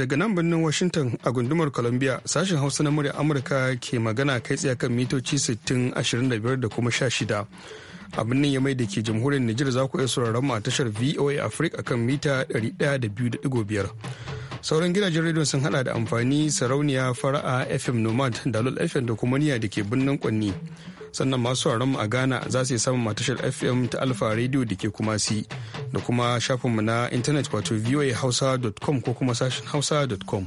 daga nan birnin washington a gundumar columbia sashen hausa na murya amurka ke magana kai tsaye kan mitoci 60 25 da kuma 16 a birnin yamai da ke jamhuriyar nijar za ku iya sauraron mu a tashar voa africa kan mita 102.5 sauran gidajen rediyon sun hada da amfani sarauniya fara'a fm nomad dalol fm da kuma niya da ke birnin kwanni sannan masu mu a Ghana za su yi samun matashar FM ta Alfa Radio da ke kuma si da kuma shafinmu na intanet wato voahausa.com ko kuma sashen hausa.com.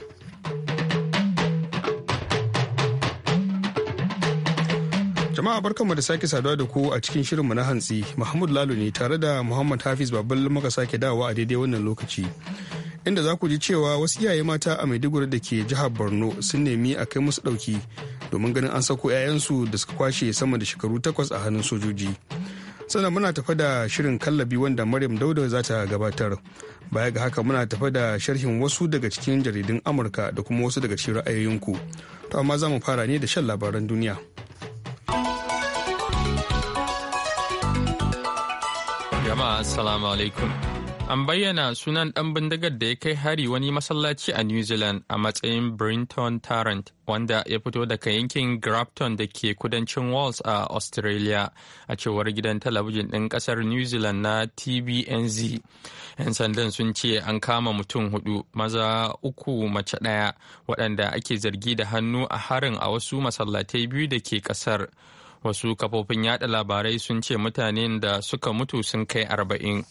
Jama'a barkanmu da sake saduwa da ku a cikin shirinmu na hantsi Mahmud lalu ne tare da Muhammad Hafiz Babal muka sake dawa a daidai wannan lokaci. inda za ku ji cewa wasu iyaye mata a maiduguri da ke jihar borno sun nemi a kai musu ɗauki domin ganin an sako 'ya'yansu da suka kwashe sama da shekaru takwas a hannun sojoji sannan muna tafa da shirin kallabi wanda maryam dauda za ta gabatar baya ga haka muna tafa da sharhin wasu daga cikin jaridun amurka da kuma wasu daga cikin ra'ayoyinku to amma za mu fara ne da shan labaran duniya jama'a assalamu alaikum An bayyana sunan ɗan bindigar da ya kai hari wani masallaci a New Zealand a matsayin Brinton Tarrant wanda ya fito daga yankin Grafton da ke kudancin Wales a Australia a cewar gidan talabijin ɗin ƙasar New Zealand na tbnz 'Yan sandan sun ce an kama mutum hudu maza uku mace ɗaya waɗanda ake zargi da hannu a harin a wasu masallatai biyu da ke ƙasar. Wasu kafofin yada labarai sun ce mutanen da suka mutu sun kai arba'in.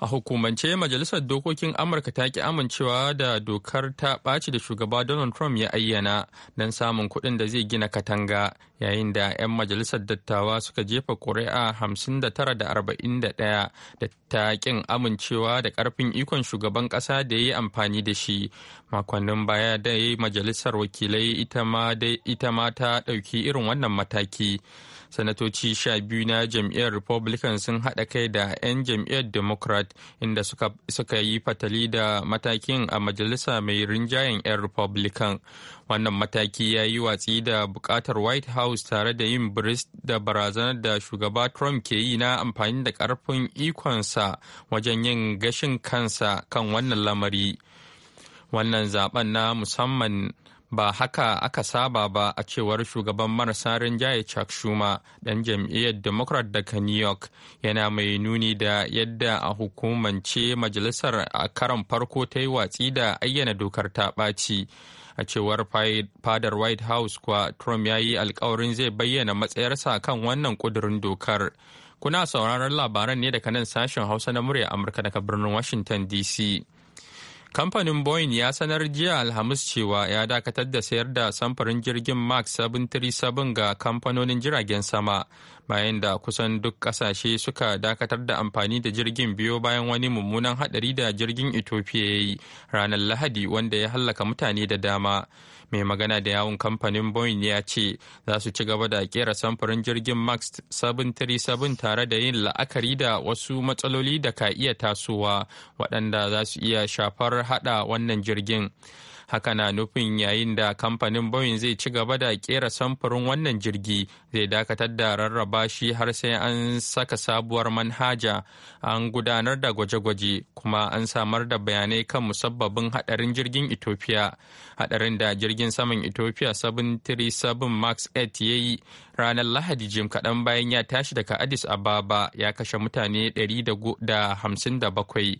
a hukumance majalisar dokokin amurka ta ki amincewa da dokar ta ɓaci da shugaba donald trump ya ayyana don samun kuɗin da zai gina katanga yayin da 'yan majalisar dattawa suka jefa ƙuri'a 59 da ta ƙin amincewa da ƙarfin ikon shugaban ƙasa da ya yi amfani da shi makonnin baya dai majalisar wakilai ita ma ta ɗauki irin wannan mataki. sanatoci sha biyu na jam'iyyar republican sun haɗa kai da 'yan jam'iyyar democrat inda suka, yi fatali da matakin a majalisa mai rinjayen 'yan republican wannan mataki ya yi watsi da buƙatar white house tare da yin bris da barazanar da shugaba trump ke yi na amfani da ƙarfin ikonsa wajen yin gashin kansa kan wannan lamari wannan zaben na musamman ba haka aka saba ba a cewar shugaban marasa rinjaye Chuck Schumer ɗan jam'iyyar Democrat daga New York yana mai nuni da yadda a hukumance majalisar a karon farko ta yi watsi da ayyana dokar ta ɓaci. A cewar fadar White House kuwa Trump ya yi alkawarin zai bayyana matsayarsa kan wannan ƙudurin dokar. Kuna sauraron labaran ne daga nan sashen Hausa na murya Amurka daga birnin Washington DC. Kamfanin Boeing ya sanar jiya Alhamis cewa ya dakatar da sayar da samfurin jirgin Max 737 ga kamfanonin jiragen sama bayan da kusan duk kasashe suka dakatar da amfani da jirgin biyo bayan wani mummunan hadari da jirgin ethiopia ya yi ranar lahadi wanda ya hallaka mutane da dama mai magana da yawun kamfanin boeing ya ce za su ci gaba da kera samfurin jirgin max 737 tare da yin la'akari da wasu matsaloli da ka iya tasowa waɗanda za su iya shafar hada wannan jirgin. haka na nufin yayin da kamfanin boeing zai ci gaba da kera samfurin wannan jirgi zai dakatar da rarraba shi har sai an saka sabuwar manhaja an gudanar da gwaje-gwaje kuma an samar da bayanai kan musabbabin hadarin jirgin ethiopia hadarin da jirgin saman ethiopia 737 max 8 ya yi ranar lahadi jim kaɗan bayan ya tashi daga addis ababa ya kashe mutane 157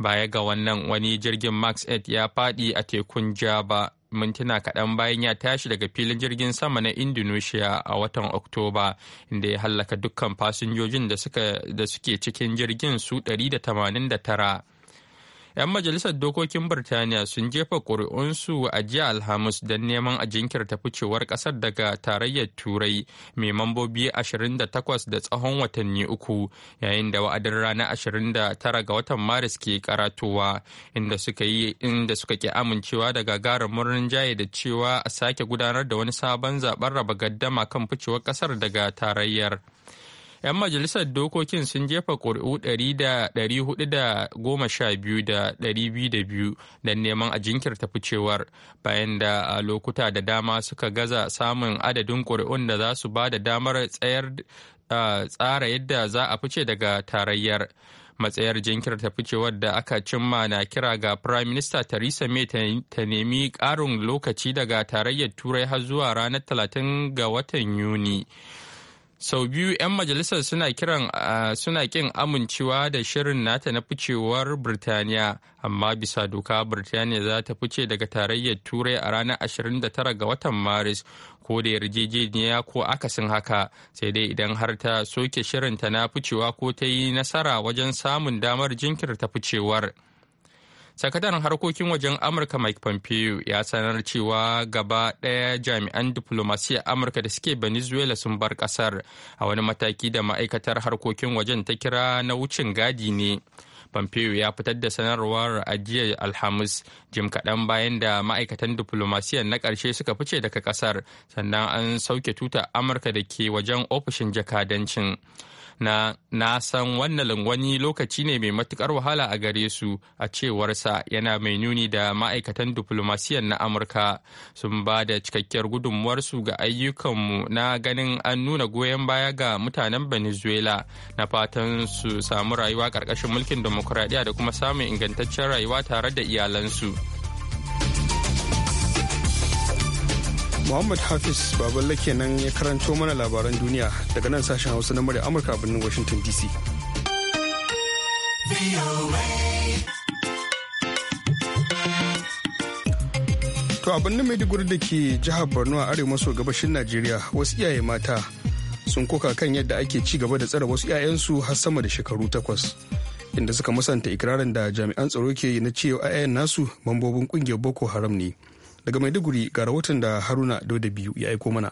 baya ga wannan wani jirgin max 8 ya fadi a tekun java mintuna kaɗan bayan ya tashi daga filin jirgin sama na indonesia a watan oktoba inda ya hallaka dukkan fasinjojin da suke cikin jirgin su 189 'yan majalisar dokokin birtaniya sun jefa ƙuri'unsu a jiya alhamis don neman a jinkirta ficewar ƙasar daga tarayyar turai mai mambobi 28 da tsawon watanni uku yayin da wa'adin ranar 29 ga watan maris ke karatowa inda suka yi inda suka ki amincewa da murnin jaye da cewa a sake gudanar da wani sabon zaben raba gaddama kan ficewar ƙasar daga tarayyar. 'yan majalisar dokokin sun jefa ƙuri'u 412 da neman a jinkirta ficewar bayan da a lokuta da dama suka gaza samun adadin ƙuri'un da za su ba da damar tsayar tsara yadda za a fice daga tarayyar. matsayar jinkirta ficewar da aka cimma na kira ga prime minister theresa may ta nemi karin lokaci daga tarayyar turai har zuwa ranar 30 ga watan yuni sau biyu 'yan majalisar suna kiran suna kin amincewa da shirin nata na ficewar birtaniya amma bisa doka birtaniya za ta fice daga tarayyar turai a ranar 29 ga watan maris ko da yarjejeniya ko akasin haka sai dai idan har ta soke shirin ta na ficewa ko ta yi nasara wajen samun damar jinkirta ficewar. sakataren harkokin wajen amurka mike pompeo ya sanar cewa gaba ɗaya jami'an diflomasiyyar amurka da suke venezuela sun bar ƙasar a wani mataki da ma'aikatar harkokin wajen ta kira na wucin gadi ne pompeo ya fitar da sanarwar ajiyar alhamis jim kaɗan bayan da ma'aikatan diflomasiyyar na ƙarshe suka fice daga ƙasar sannan an sauke tuta amurka da ke wajen ofishin jakadancin na na san wannan wani lokaci ne mai matukar wahala a gare su a cewarsa yana mai nuni da ma'aikatan diflomasiyan na amurka sun ba da cikakkiyar gudunmuwarsu ga ayyukanmu na ganin an nuna goyon baya ga mutanen venezuela na fatan su samu rayuwa ƙarƙashin mulkin demokuraɗiyya da kuma samun ingantaccen rayuwa tare da iyalansu. Muhammad Hafiz Baballe kenan ya karanto mana labaran duniya daga nan sashen Hausa na murya Amurka birnin Washington DC. To abin da Maiduguri da ke jihar Borno a arewa maso gabashin Najeriya wasu iyaye mata sun koka kan yadda ake ci gaba da tsare wasu 'ya'yansu har sama da shekaru takwas. Inda suka musanta ikirarin da jami'an tsaro ke yi na cewa 'ya'yan nasu mambobin kungiyar Boko Haram ne. daga maiduguri ga rahoton da haruna dauda biyu ya aiko mana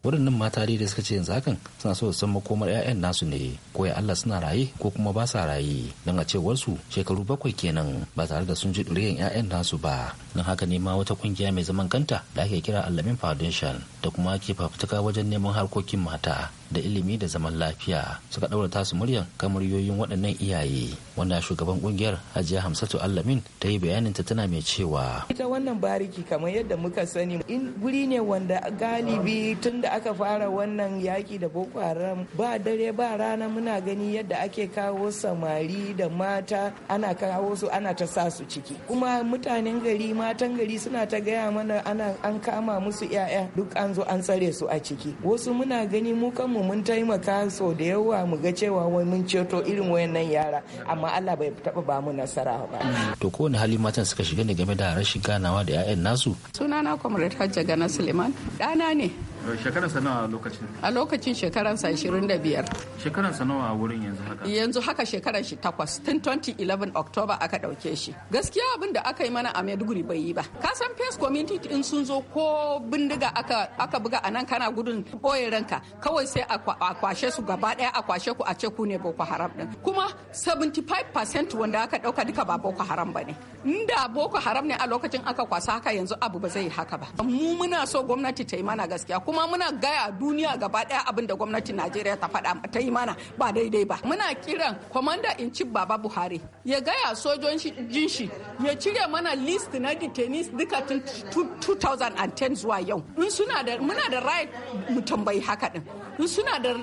waɗannan mata dai da suka ce yanzu hakan suna so san makomar 'ya'yan nasu ne ko ya Allah suna raye ko kuma ba sa raye don a cewar su shekaru bakwai kenan ba tare da sun ji ɗuriyan 'ya'yan nasu ba don haka ne ma wata ƙungiya mai zaman kanta da ake kira Alamin Foundation da kuma ke fafutuka wajen neman harkokin mata da ilimi da zaman lafiya suka ɗaura tasu muryan muryoyin waɗannan iyaye wanda shugaban ƙungiyar hajiya hamsatu Alamin ta yi bayanin ta tana mai cewa ita wannan bariki kamar yadda muka sani in guri ne wanda galibi tun da aka fara wannan yaki da boko haram ba dare ba rana muna gani yadda ake kawo samari da mata ana kawo su ana ta sa su ciki kuma mutanen gari matan gari suna ta gaya mana ana an kama musu 'ya'ya duk an zo an tsare su a ciki wasu muna gani mu kanmu mu mun taimaka so da yawa mu ga cewa wai mun ceto irin wayannan yara amma Allah bai taba ba mu nasara ba to ko ne hali matan suka shiga ne game da rashin ganawa da 'ya'yan nasu sunana comrade Hajja Gana Suleiman ɗana ne Eh, shekaransa nawa lokacin? A lokacin shekaransa 25. Shekaransa nawa a wurin yanzu haka? Yanzu haka shekaran shi takwas tun 2011 October aka ɗauke shi. Gaskiya abin da aka yi mana a Maiduguri bai yi ba. Ka san Face Community in sun zo ko bindiga aka buga a nan kana gudun boye ranka kawai sai a kwashe su gaba ɗaya a kwashe ku a ce ku ne Boko Haram ɗin. Kuma 75% wanda aka ɗauka duka ba Boko Haram bane Inda Boko Haram ne a lokacin aka kwasa haka yanzu abu ba zai yi haka ba. Mu muna so gwamnati ta yi mana gaskiya kuma muna gaya duniya gaba daya abin da gwamnatin Najeriya ta faɗa ta yi mana ba daidai ba muna kiran commander in chief Baba Buhari ya gaya sojojin shi ya cire mana list na detainees duka tun 2010 zuwa yau in suna da muna da right mu tambayi haka din in suna da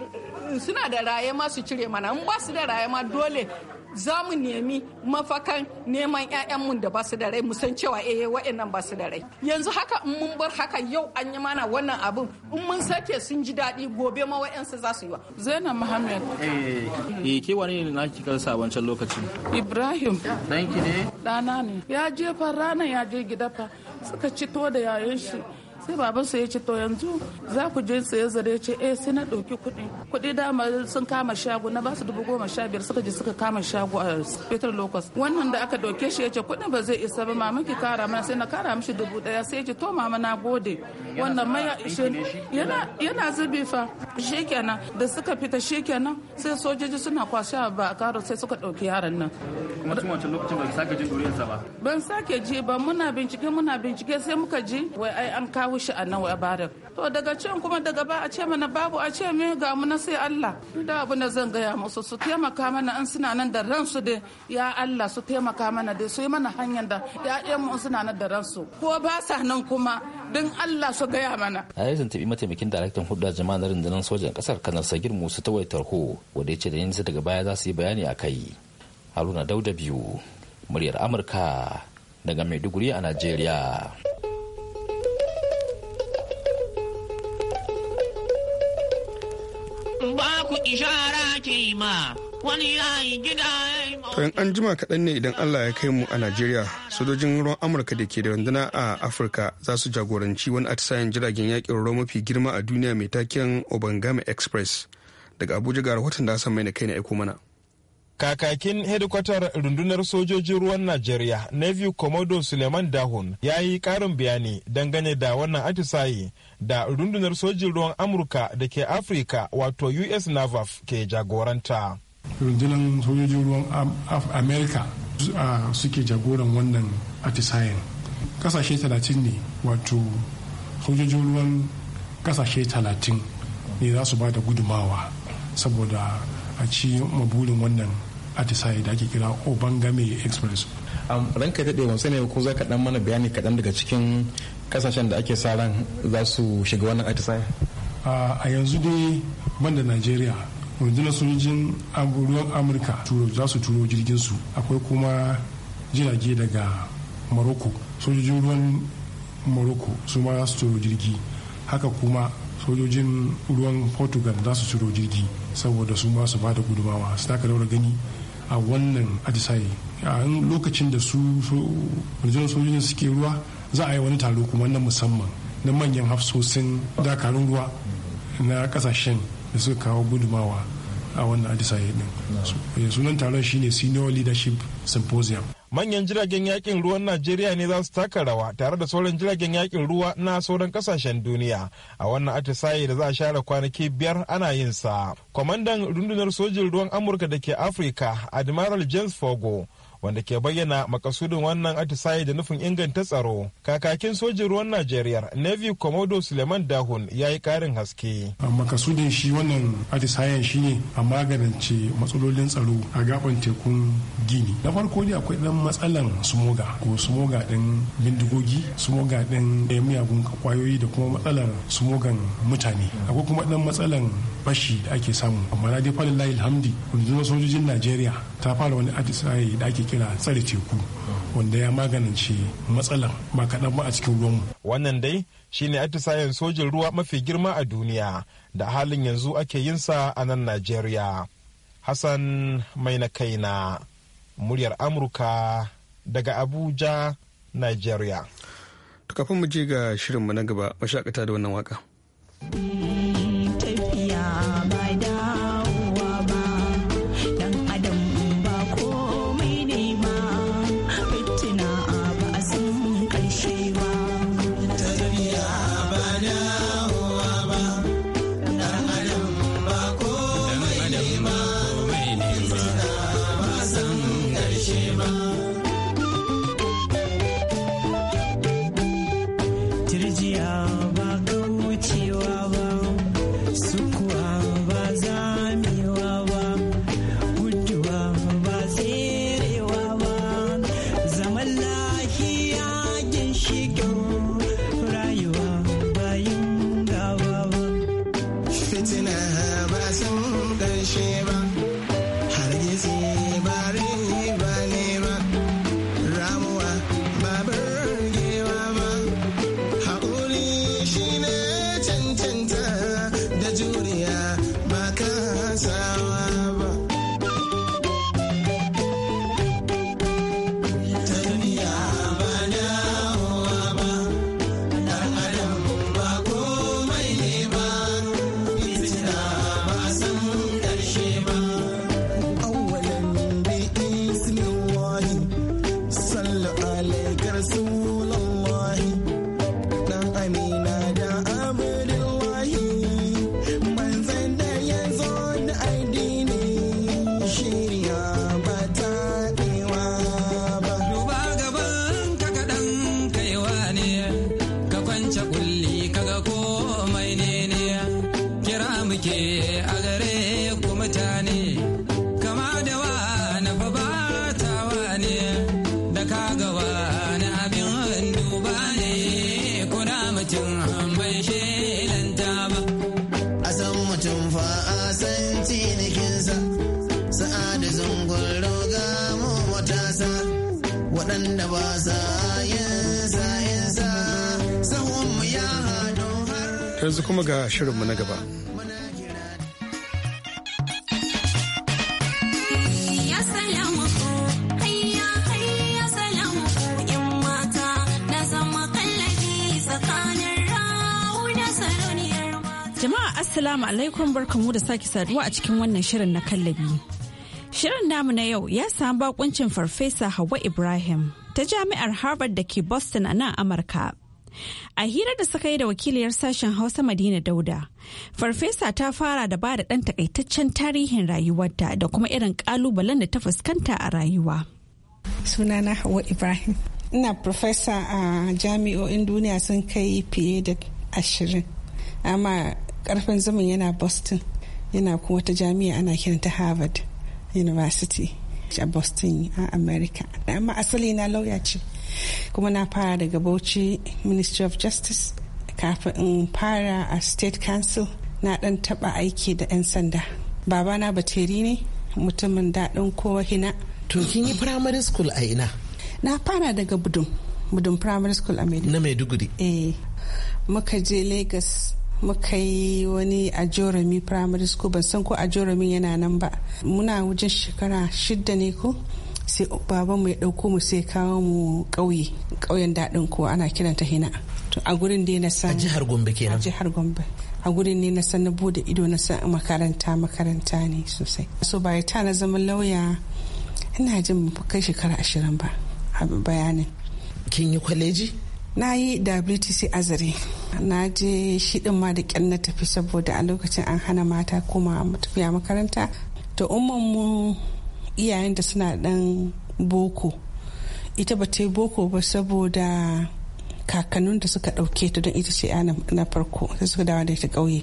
suna da raye ma su cire mana in ba su da raye ma dole za mu nemi mafakan neman 'ya'yanmu da ba su da rai mu san cewa eh wa'annan ba su da rai yanzu haka in mun bar haka yau an yi mana wannan abin in mun sake sun ji daɗi gobe ma wa'ansu za su yi wa zainab muhammad eh, eh ke wani ne na kika sa wancan lokacin ibrahim danki ne dana ne ya jefa rana ya je gida fa suka ci da yayin shi sai babansu ya ce to yanzu za ku je tsaye zare ce eh sai na ɗauki kuɗi kuɗi dama sun kama shago na basu dubu goma sha biyar suka je suka kama shago a peter locust wannan da aka ɗauke shi ya ce kuɗin ba zai isa ba mama ki kara mana sai na kara mishi dubu ɗaya sai ya ce to mama na gode wannan mai yana yana zubi fa shikenan da suka fita shikenan sai sojoji suna kwashe ba a karo sai suka ɗauki yaran nan. kuma tun wancan lokacin ba sake jin duriyarsa ba. ban sake ji ba muna bincike muna bincike sai muka ji wai ai an kawo shi a nawa to daga can kuma daga ba a ce mana babu a ce me ga mu na sai Allah da abu na zan gaya musu su taimaka mana an suna nan da ransu da ya Allah su taimaka mana dai su yi mana hanyar da ya'yan mu suna nan da ransu ko ba sa nan kuma dan Allah su gaya mana a yi zan tabi mataimakin daraktan hudu jama'a na rundunar sojan kasar kanar sagir musu ta waitar ho wanda ya ce da yanzu daga baya za su yi bayani a kai haruna dauda biyu muryar amurka daga maiduguri a najeriya ba ku ishara ke ma wani yayi gida ya an jima kaɗan ne idan Allah ya kai mu a Najeriya sojojin ruwan Amurka da ke da runduna a Afirka za su jagoranci wani atisayen jiragen yakin ruwa mafi girma a duniya mai taken Obangame Express daga Abuja ga rahoton da mai na kai na aiko mana. kakakin hedikwatar rundunar sojojin ruwan najeriya navy commodore suleiman dahun ya yi karin bayani dangane da wannan atisaye da rundunar sojin ruwan amurka da ke afirka wato us navaf ke jagoranta rundunar sojojin ruwan amerika suke jagoran wannan atisayin, kasashe talatin ne wato sojojin ruwan kasashe talatin ne za su ba da gudumawa saboda a ci maburin wannan atisaye da ake kira obangame express ranka daɗe wasu ne ko za ka ɗan mana bayani kaɗan daga cikin kasashen da ake sa ran za su shiga wannan atisaye a yanzu dai banda najeriya rundunar sojojin ruwan amurka za su turo jirgin su akwai kuma jirage daga morocco sojojin ruwan morocco su ma za su turo jirgi haka kuma sojojin ruwan portugal za su turo jirgi saboda su ma su ba da gudumawa su taka daura gani a wannan atisaye a lokacin da su rundunar sojojin suke ruwa za a yi wani taro kuma na musamman na manyan hafsosin dakarun ruwa na kasashen da suka kawo gudumawa a wannan atisaye din eh, sunan taron shine senior leadership symposium manyan jiragen yakin ruwan najeriya ne za su taka rawa tare da sauran jiragen yakin ruwa na sauran kasashen duniya a wannan atisaye da za a share kwanaki biyar ana yin sa kwamandan rundunar sojin ruwan amurka da ke afirka admiral james fogo wanda ke bayyana makasudin wannan atisaye da nufin inganta tsaro kakakin sojin ruwan najeriya navy commodore suleiman dahun ya yi karin haske makasudin shi wannan atisayen shi ne a magance matsalolin tsaro a gaban tekun gini na farko ne akwai dan matsalan sumoga ko sumoga din bindigogi sumoga din miyagun kwayoyi da kuma matsalar sumogan mutane akwai kuma dan matsalan bashi da ake samu amma na dai falin layi alhamdi rundunar sojojin najeriya ta fara wani atisaye da ake kira tsare teku wanda ya magance matsalar ba kaɗan ba a cikin ruwanmu. wannan dai shine atisayen sojin ruwa mafi girma a duniya da halin yanzu ake yin sa a nan najeriya hassan mai na kai na muryar amurka daga abuja najeriya kafin mu je ga mu na gaba mashakata da wannan waka. waɗanda ba yanzu kuma ga shirinmu na gaba Jama'a Assalamu alaikum barkamu da sake saduwa a cikin wannan shirin na kallabi. Shirin namu na yau ya samu bakuncin Farfesa Hawa Ibrahim ta Jami'ar Harvard da ke Boston a nan Amurka. A hira da suka yi da wakiliyar sashen Hausa Madina Dauda, Farfesa ta fara da ba da ɗan takaitaccen tarihin rayuwarta da kuma irin ƙalubalen da ta fuskanta a rayuwa. Sunana Hawa Ibrahim. Ina Farfesa a jami'o'in duniya sun kai fiye da ashirin, amma ƙarfin zaman yana Boston, yana kuma ta jami'a ana kiranta Harvard. university uh, a boston a america amma asali na lauya ce kuma na fara daga bauchi ministry of justice kafin in fara a state council na dan taba aiki da 'yan sanda babana bateri ne mutumin daɗin kowa hina to kin yi primary school a ina na fara daga budun budun primary school a maiduguri na maiduguri eh muka je lagos muka yi wani a jorami primary school ban san ko a jorami yana nan ba muna wajen shekara shidda ne ko sai baban mu ya ɗauko mu sai kawo mu ƙauye ƙauyen daɗin ko ana kiran ta hina a gurin da na san jihar gombe kenan a jihar gombe a gurin ne na san na bude ido na san makaranta makaranta ne sosai so bai ta na zama lauya ina jin kai shekara ashirin ba a bayanin kin yi kwaleji na yi wtc azare na je shiɗin din ma da kyan na tafi saboda a lokacin an hana mata kuma tafiya makaranta to umman mu iyayen da suna dan boko ita ba ta yi boko ba saboda kakannin da suka ɗauke ta don ita ce na farko da suka dawa da ita kauye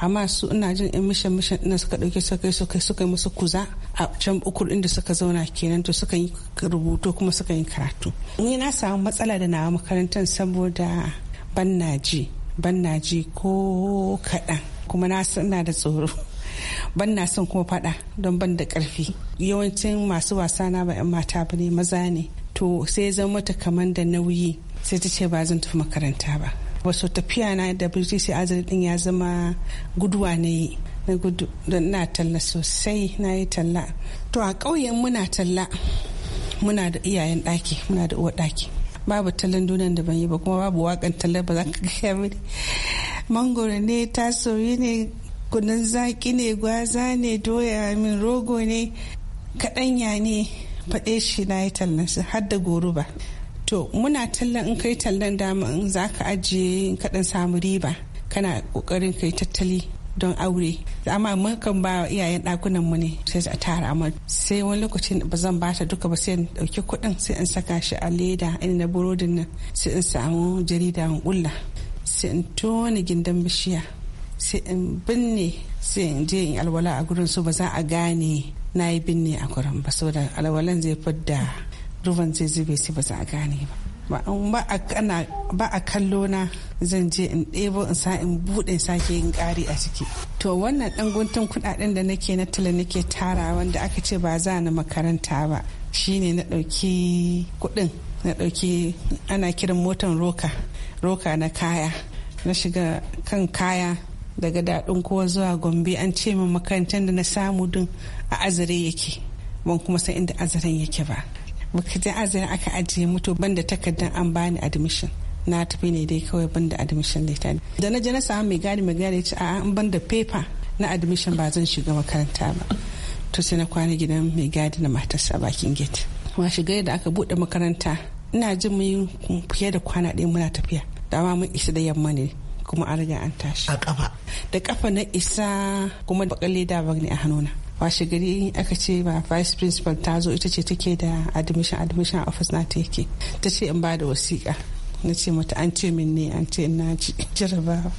amma su ina jin in mishan mishan ina suka ɗauke su kai suka su yi musu kuza a can ukur da suka zauna kenan to suka yi rubutu kuma suka yi karatu ni na samu matsala da nawa makarantar saboda ban naji ban naji ko kaɗan kuma na ina da tsoro ban na son kuma faɗa don ban da ƙarfi yawancin masu wasa na ba 'yan mata ba ne maza ne to sai zama mata kaman da nauyi sai ta ce ba zan tafi makaranta ba wasu tafiya na da british azari din ya zama guduwa yi na gudu don na talla sosai na yi talla to a ƙauyen muna talla muna da iyayen ɗaki muna da uwa ɗaki babu tallan dunan da ban yi ba kuma babu wakan talla ba za ka gaya mini mangoro ne tasoyi ne kunun zaki ne gwaza ne doya min rogo ne kaɗanya ne faɗe shi na yi tallansa har da goruba to muna tallan in kai tallan dama in za ka ajiye in kaɗan samu riba kana ƙoƙarin kai tattali don aure amma mukan ba iyayen ɗakunan mu ne sai a tara amma sai wani lokacin ba zan ba ta duka ba sai in ɗauki kuɗin sai in saka shi a leda in na burodin nan sai in samu jarida in ƙulla sai in tona gindin bishiya sai in binne sai in je in alwala a gurin su ba za a gane na yi binne a gurin ba saboda alwalan zai fidda ruban zai zube sai ba za a gane ba ba a kallo na zan je in ɗebo in sa in buɗe sake yin ƙari a ciki to wannan ɗan guntun kuɗaɗen da nake na tala nake tara wanda aka ce ba za na makaranta ba shine na ɗauki kuɗin na ɗauki ana kiran motan roka roka na kaya na shiga kan kaya daga daɗin kowa zuwa gombe an ce min makarantar da na samu din a azare yake ban kuma san inda azaren yake ba muka je azare aka ajiye mutu banda takardar an bani admission na tafi ne dai kawai banda admission ne. da na je na samu mai gadi mai gadi ci a an banda paper na admission ba zan shiga makaranta ba to sai na kwana gidan mai gadi na matarsa bakin gate wa shiga da aka bude makaranta ina jin mu fiye da kwana ɗaya muna tafiya dama mun isa da yamma ne kuma an riga an tashi a kafa da kafa na isa kuma bakalle leda bagni ne a hannuna washe gari aka ce ba vice principal ta zo ita ce take da admission admission office na ta yake ta ce in ba da wasiƙa na ce mata an ce min ne an ce na jarabawa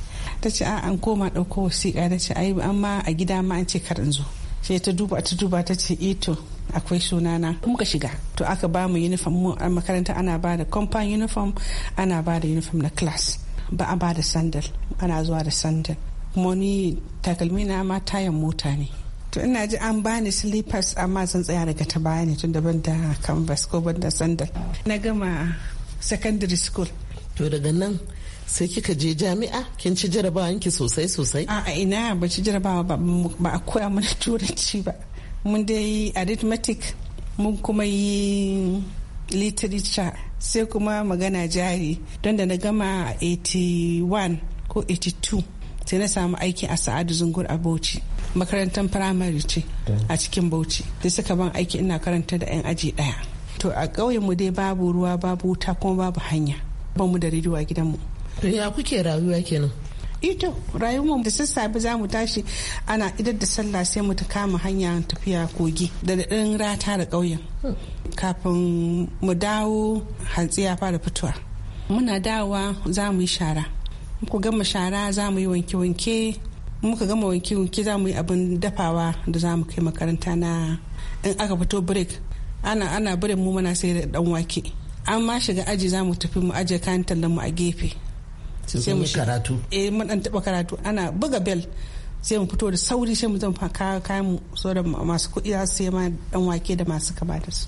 ta ce a an koma ɗauko wasiƙa ta ce ai amma a gida ma an ce kar in zo sai ta duba ta duba ta ce ito eh akwai sunana muka shiga to aka ba mu uniform mu a makaranta ana ba da compound uniform ana ba da uniform na class ba a ba da sandal ana zuwa da sandal kuma ni takalmina ma tayan mota ne to ina ji an bani slippers amma zan tsaya daga ta ne tun daban da canvas ko ban da sandal na gama secondary school to daga nan sai kika je jami'a kin ci jarabawan ki sosai sosai a ina ba ci jarabawa ba ba a koya mana turanci ba mun dai arithmetic mun kuma yi literature sai kuma magana jari don da na gama 81 ko 82 sai na samu aiki a sa'adu zungur a bauchi makarantar firamare ce a cikin bauchi da suka ban aiki ina karanta da 'yan aji daya to a ƙauyenmu dai babu ruwa babu wuta kuma babu hanya Ban mu da rediyo a gidanmu ya kuke rayuwa kenan ito rayuwar da sassafe za mu tashi ana idar da sallah sai mu ta kama hanya tafiya kogi da daɗin rata da ƙauyen kafin mu dawo hantsi ya fara fitowa muna dawa za mu yi shara ku gama shara za mu yi wanke-wanke muka gama wanki wanki za mu yi abin dafawa da za mu kai makaranta na in aka fito break ana ana break mu muna sai da dan wake an ma shiga aji za mu tafi mu aje kayan tallan mu a gefe sai mu karatu eh mun dan taba karatu ana buga bell sai mu fito da sauri sai mu zan faka kayan mu so da masu kuɗi za su ma dan wake da masu kama da su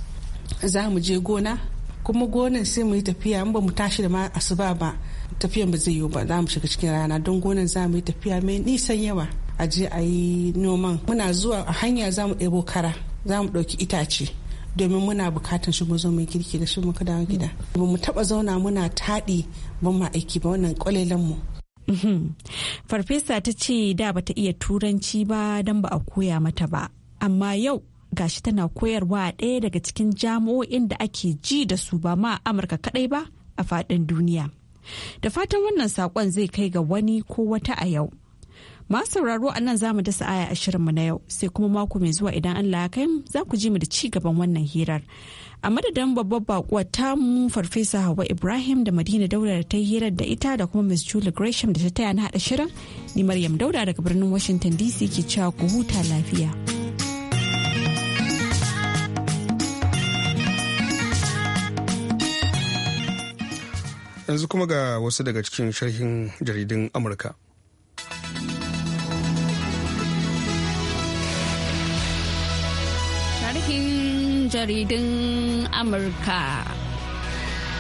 za mu je gona kuma gonan sai mu yi tafiya in ba mu tashi da ma asuba ba tafiyan ba zai yiwu ba za mu shiga cikin rana don gonan za mu yi tafiya mai nisan yawa a je a yi noman muna zuwa a hanya za mu ɗebo kara za mu ɗauki itace domin muna bukatan shi mu zo mai girki da shi mu kada gida ba mu taɓa zauna muna taɗi ban ma aiki ba wannan kwalelan mu mhm. farfesa ta ce da bata iya turanci ba don ba a koya mata ba amma yau gashi tana koyarwa a ɗaya daga cikin jami'o'in da ake ji da su ba ma amurka kaɗai ba a faɗin duniya Da fatan wannan saƙon zai kai ga wani ko wata a yau. Masu sauraro a nan za mu dasa aya ashirin mu na yau sai kuma mako mai zuwa idan Allah ya kai za ku ji mu da ci gaban wannan hirar. A madadin babbar bakuwar mu farfesa Hauwa Ibrahim da Madina Dauda da ta hirar da ita da kuma Miss Julie Gresham da ta taya na haɗa shirin, ni Maryam Dauda daga birnin Washington DC ke cewa ku huta lafiya. yanzu kuma ga wasu daga cikin sharhin jaridun amurka sharhin jaridun amurka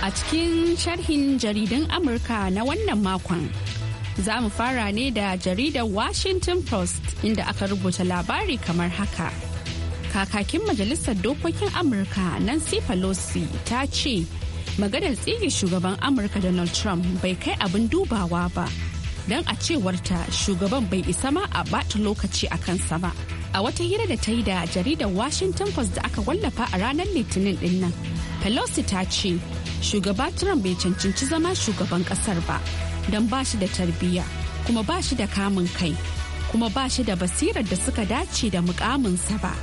a cikin sharhin jaridun amurka na wannan makon za mu fara ne da jaridar washington post inda aka rubuta labari kamar haka kakakin majalisar dokokin amurka nancy pelosi ta ce maganar tsige shugaban amurka donald trump bai kai abin dubawa ba don a cewarta shugaban bai isa ma a bata lokaci a kansa ba a wata hira da ta yi da jaridar washington post da aka wallafa a ranar litinin dinnan pelosi ta ce shugaba trump bai cancanci zama shugaban kasar ba don ba shi da tarbiyya kuma ba shi da kamun kai kuma ba shi da basirar da suka dace da mukaminsa ba.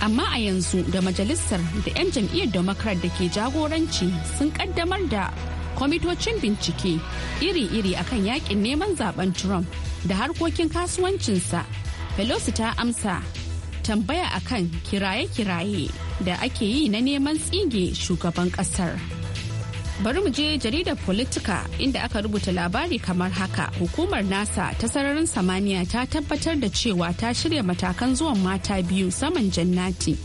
amma a yanzu da majalisar da 'yan jam'iyyar democrat da ke jagoranci sun kaddamar da kwamitocin bincike iri-iri akan yakin neman zaben trump da harkokin kasuwancinsa pelosi ta amsa tambaya akan kiraye-kiraye da ake yi na neman tsige shugaban kasar. bari mu je jaridar politika inda aka rubuta labari kamar haka hukumar nasa ta sararin samaniya ta tabbatar da cewa ta shirya matakan zuwan mata biyu saman jannati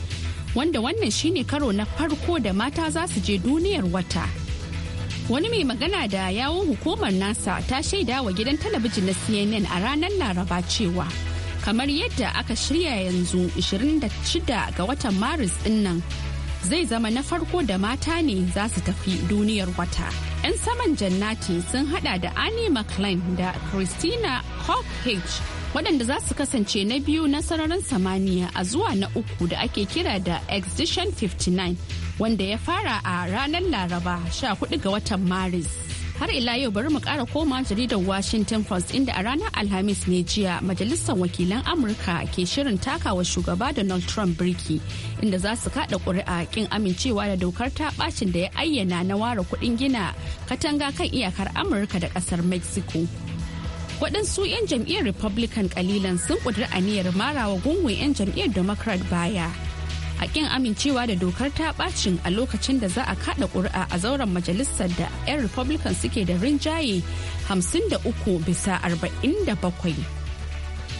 wanda wannan shine karo na farko da mata za su je duniyar wata wani mai magana da yawon hukumar nasa ta shaida wa gidan talabijin na cnn a ranar laraba cewa kamar yadda aka shirya yanzu 26 ga watan maris dinnan zai zama na farko da mata ne za su tafi duniyar wata. 'Yan saman jannati sun hada da Annie McLean da Christina Hockage waɗanda za su kasance na biyu na sararin samaniya a zuwa na uku da ake kira da Exhibition 59 wanda ya fara a ranar Laraba 14 ga watan Maris. har ila yau bari mu kara koma jaridar washington post inda a ranar alhamis ne jiya majalisar wakilan amurka ke shirin takawa shugaba donald trump birki inda za su kada kuri'a kin amincewa da dokar ta bacin da ya ayyana na ware kudin gina katanga kan iyakar amurka da kasar mexico waɗansu 'yan jam'iyyar republican kalilan sun ƙudiri aniyar marawa gungun 'yan jam'iyyar democrat baya a kin amincewa da dokar ta bacin a lokacin da za a kada ƙuri'a a zauren majalisar da 'yan republican suke da rinjaye 53 bisa 47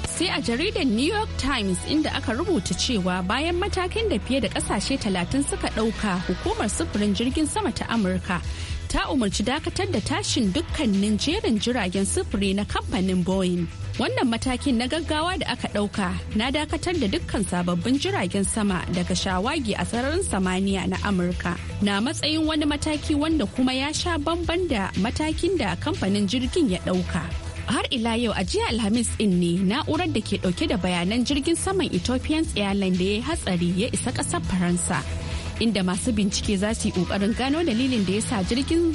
sai a jaridar new york times inda aka rubuta cewa bayan matakin da fiye da kasashe 30 suka dauka hukumar sufurin jirgin sama ta amurka ta umarci dakatar da tashin dukkanin jerin jiragen sufuri na kamfanin boeing Wannan matakin na gaggawa da aka ɗauka na dakatar da dukkan sababbin jiragen sama daga shawagi a sararin samaniya na Amurka na matsayin wani mataki wanda kuma ya sha bamban da matakin da kamfanin jirgin ya ɗauka. har ila yau a jiya alhamis din ne na'urar da ke dauke da bayanan jirgin saman ethiopian airlines da ya hatsari ya isa kasar faransa inda masu bincike za su yi kokarin gano dalilin da ya sa jirgin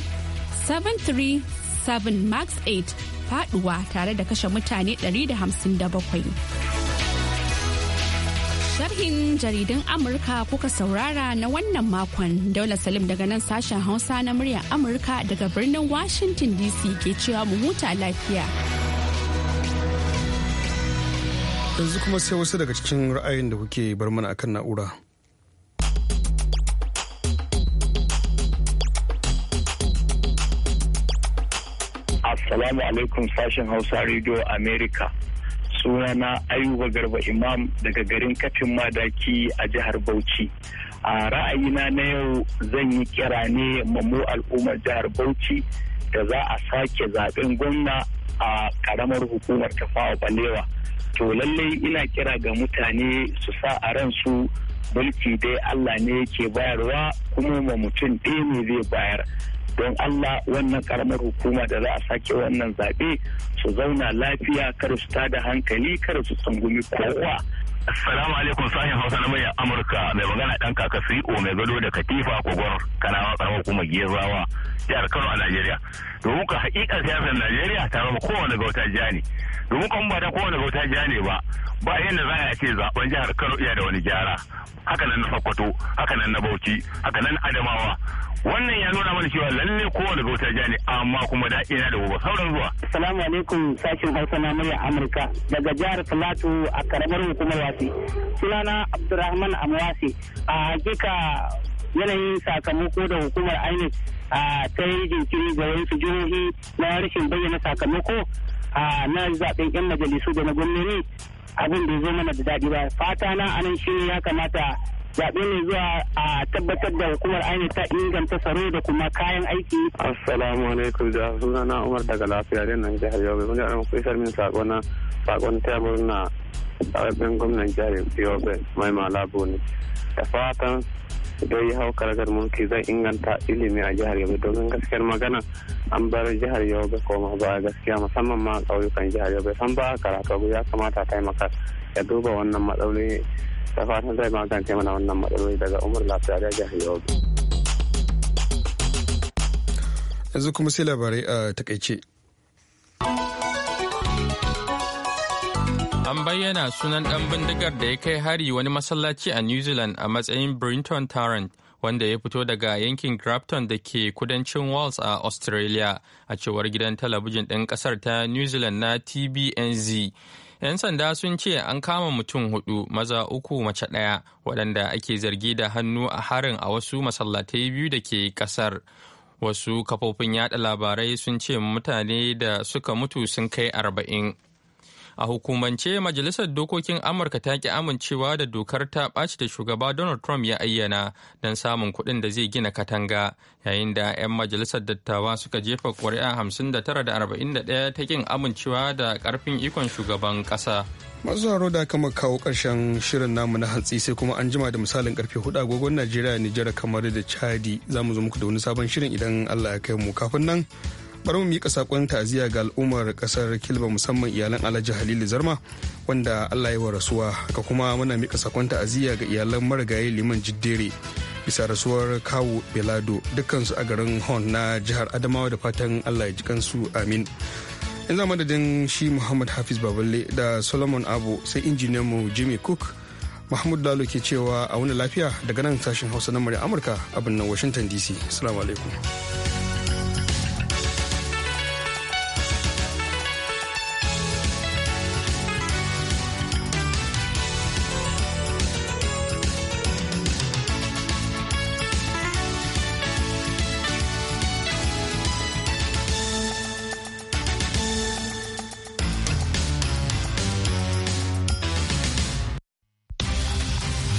737 max 8 faduwa tare da kashe mutane 157. Sharhin jaridun Amurka kuka saurara na wannan makon Daula Salim daga nan sashen Hausa na muryar Amurka daga birnin Washington DC ke cewa mu huta lafiya. Yanzu kuma sai wasu daga cikin ra'ayin da kuke bar mana akan na'ura. Salamu alaikum sashen Hausa Radio America. Sunana Ayuba Garba Imam daga garin Katin Madaki a jihar Bauchi. A ra'ayina na yau zan yi kira ne mamu al'ummar jihar Bauchi da za a sake zaben gwamna a karamar hukumar tafawa balewa. To lallai ina kira ga mutane su sa a ransu mulki dai Allah ne yake bayarwa kuma ma mutum ɗaya ne zai bayar. don allah wannan karamar hukuma da za a sake wannan zaɓe su zauna lafiya kar su tada hankali kar su tsangumi kowa Assalamu alaikum sahin Hausa na mai Amurka mai magana dan kaka Siko mai gado da Katifa Kogor Kanawa karamar hukumar Gezawa jihar Kano a Najeriya. domin ka hakikar siyasar najeriya ta zama kowane gauta jiya ne domin kan ba ta kowane gauta jiya ne ba ba yadda za a ce zaben jihar kano iya da wani gyara haka nan na sokoto haka nan na bauchi haka nan adamawa wannan ya nuna mana cewa lalle kowane gauta jiya ne amma kuma da ina da gobe sauran zuwa. Assalamu alaikum sashin Hausa na murya Amurka daga jihar Filato a karamar hukumar Wasi. Sunana Abdulrahman Amwasi a hakika yanayin sakamako da hukumar INEC a ta yi jinkiri ga wasu jihohi na rashin bayyana sakamako a na zaben yan majalisu da na gwamnoni abin da zo mana da daɗi ba fata na anan shi ya kamata zaɓe ne zuwa a tabbatar da hukumar aini ta inganta tsaro da kuma kayan aiki. Assalamu alaikum da suna na Umar daga lafiya da nan jihar Yobe. Mun jaɗa muku isar min sakon sakon tebur na zaɓen gwamnan jihar Yobe mai malabo ne. Da fatan dai hau karagar mulki zai inganta ilimi a jihar yobe domin gaskiyar magana an bar jihar yobe koma ba gaskiya musamman ma ƙauyukan jihar yobe san ba karatu ya kamata taimaka ya duba wannan matsaloli da fatan zai magance mana wannan matsaloli daga umar lafiya da jihar yobe yanzu kuma sai labarai a takaice An bayyana sunan ɗan bindigar da ya kai hari wani masallaci a New Zealand a matsayin Brinton Tarrant wanda ya fito daga yankin Grafton da ke kudancin Wales a Australia a cewar gidan talabijin ɗin ƙasar ta New Zealand na TBNZ. 'Yan sanda sun ce an kama mutum hudu maza uku mace ɗaya waɗanda ake zargi da hannu a harin a wasu masallatai biyu da ke ƙasar. Wasu kafofin yada labarai sun ce mutane da suka mutu sun kai arba'in. A hukumance Majalisar Dokokin Amurka ta ki amincewa da dokar ta ɓaci da shugaba Donald Trump ya ayyana don samun kuɗin da zai gina katanga yayin da 'yan majalisar dattawa suka jefa ƙuri'a 59 da 41 ta kin amincewa da karfin ikon shugaban ƙasa. Masu da kama kawo ƙarshen shirin namu na hantsi sai kuma an jima da misalin karfe hudu agogon Najeriya Nijar kamar da Chadi za mu zo muku da wani sabon shirin idan Allah ya kai mu kafin nan bari mu miƙa saƙon ta'aziyya ga al'ummar ƙasar kilba musamman iyalan alhaji halilu zarma wanda allah ya wa rasuwa ka kuma muna miƙa saƙon ta'aziyya ga iyalan marigayi liman jiddere bisa rasuwar kawo belado dukkansu a garin hon na jihar adamawa da fatan allah ya ji kansu amin za madadin shi muhammad hafiz baballe da solomon abu sai injiniyan mu jimmy cook mahmud lalo ke cewa a wani lafiya daga nan sashen hausa na murya amurka abin nan washington dc salamu alaikum